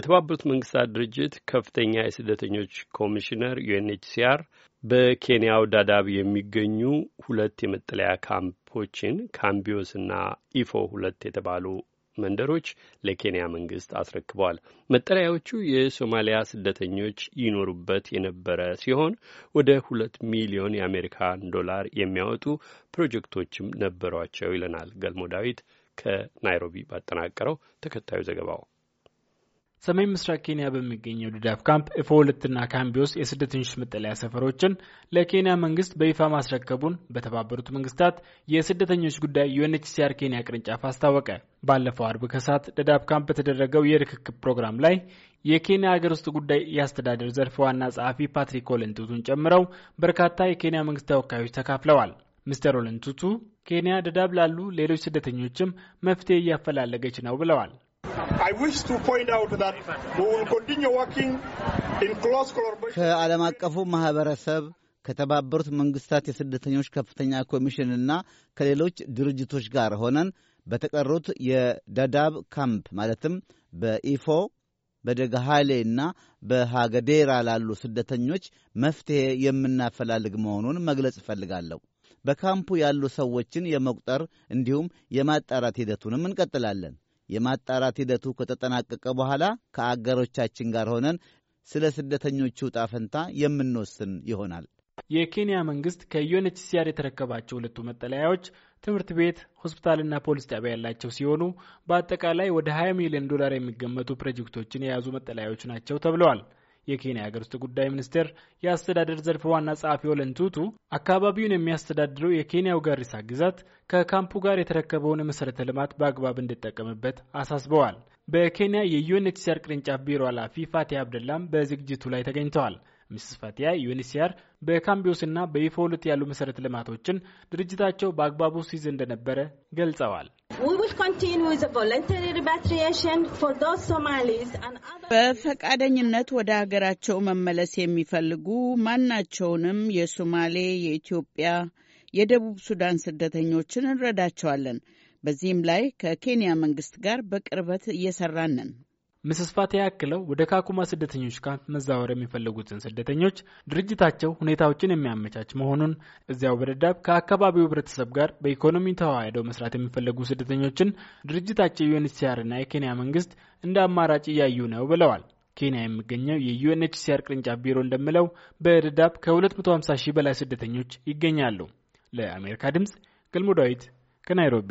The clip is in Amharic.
በተባበሩት መንግስታት ድርጅት ከፍተኛ የስደተኞች ኮሚሽነር ዩኤንኤችሲአር በኬንያው ዳዳብ የሚገኙ ሁለት የመጠለያ ካምፖችን ካምቢዮስና ኢፎ ሁለት የተባሉ መንደሮች ለኬንያ መንግስት አስረክበዋል። መጠለያዎቹ የሶማሊያ ስደተኞች ይኖሩበት የነበረ ሲሆን ወደ ሁለት ሚሊዮን የአሜሪካን ዶላር የሚያወጡ ፕሮጀክቶችም ነበሯቸው ይለናል ገልሞ ዳዊት ከናይሮቢ ባጠናቀረው ተከታዩ ዘገባው። ሰሜን ምስራቅ ኬንያ በሚገኘው ድዳፍ ካምፕ ኤፎ ሁለትና ካምቢዮስ የስደተኞች መጠለያ ሰፈሮችን ለኬንያ መንግስት በይፋ ማስረከቡን በተባበሩት መንግስታት የስደተኞች ጉዳይ ዩኤንኤችሲአር ኬንያ ቅርንጫፍ አስታወቀ። ባለፈው አርብ ከሰዓት ድዳብ ካምፕ በተደረገው የርክክብ ፕሮግራም ላይ የኬንያ አገር ውስጥ ጉዳይ የአስተዳደር ዘርፍ ዋና ጸሐፊ ፓትሪክ ኦለንቱቱን ጨምረው በርካታ የኬንያ መንግስት ተወካዮች ተካፍለዋል። ሚስተር ኦለንቱቱ ኬንያ ደዳብ ላሉ ሌሎች ስደተኞችም መፍትሄ እያፈላለገች ነው ብለዋል። ከዓለም አቀፉ ማኅበረሰብ ከተባበሩት መንግሥታት የስደተኞች ከፍተኛ ኮሚሽንና ከሌሎች ድርጅቶች ጋር ሆነን በተቀሩት የዳዳብ ካምፕ ማለትም በኢፎ በደጋሃሌ እና በሃገዴራ ላሉ ስደተኞች መፍትሔ የምናፈላልግ መሆኑን መግለጽ እፈልጋለሁ። በካምፑ ያሉ ሰዎችን የመቁጠር እንዲሁም የማጣራት ሂደቱንም እንቀጥላለን። የማጣራት ሂደቱ ከተጠናቀቀ በኋላ ከአገሮቻችን ጋር ሆነን ስለ ስደተኞቹ ዕጣ ፈንታ የምንወስን ይሆናል። የኬንያ መንግስት ከዩኤንኤችሲአር የተረከባቸው ሁለቱ መጠለያዎች ትምህርት ቤት፣ ሆስፒታልና ፖሊስ ጣቢያ ያላቸው ሲሆኑ በአጠቃላይ ወደ 20 ሚሊዮን ዶላር የሚገመቱ ፕሮጀክቶችን የያዙ መጠለያዎች ናቸው ተብለዋል። የኬንያ የሀገር ውስጥ ጉዳይ ሚኒስቴር የአስተዳደር ዘርፍ ዋና ጸሐፊ ወለን ቱቱ አካባቢውን የሚያስተዳድረው የኬንያው ጋሪሳ ግዛት ከካምፑ ጋር የተረከበውን መሠረተ ልማት በአግባብ እንዲጠቀምበት አሳስበዋል። በኬንያ የዩኤንኤችሲአር ቅርንጫፍ ቢሮ ኃላፊ ፋቲ አብደላም በዝግጅቱ ላይ ተገኝተዋል። ሚስስ ፋቲያ ዩኤንኤችሲአር በካምቢዮስና በኢፎሉት ያሉ መሠረተ ልማቶችን ድርጅታቸው በአግባቡ ሲይዝ እንደነበረ ገልጸዋል። በፈቃደኝነት ወደ ሀገራቸው መመለስ የሚፈልጉ ማናቸውንም የሶማሌ፣ የኢትዮጵያ፣ የደቡብ ሱዳን ስደተኞችን እንረዳቸዋለን። በዚህም ላይ ከኬንያ መንግስት ጋር በቅርበት እየሰራን ነን። ምስስ ፋቴ ያክለው ወደ ካኩማ ስደተኞች ካምፕ መዛወር የሚፈልጉትን ስደተኞች ድርጅታቸው ሁኔታዎችን የሚያመቻች መሆኑን እዚያው በደዳብ ከአካባቢው ህብረተሰብ ጋር በኢኮኖሚ ተዋህደው መስራት የሚፈለጉ ስደተኞችን ድርጅታቸው ዩኤንኤችሲአርና የኬንያ መንግስት እንደ አማራጭ እያዩ ነው ብለዋል። ኬንያ የሚገኘው የዩኤንኤችሲአር ቅርንጫፍ ቢሮ እንደሚለው በደዳብ ከ250 ሺህ በላይ ስደተኞች ይገኛሉ። ለአሜሪካ ድምጽ ገልሞ ዳዊት ከናይሮቢ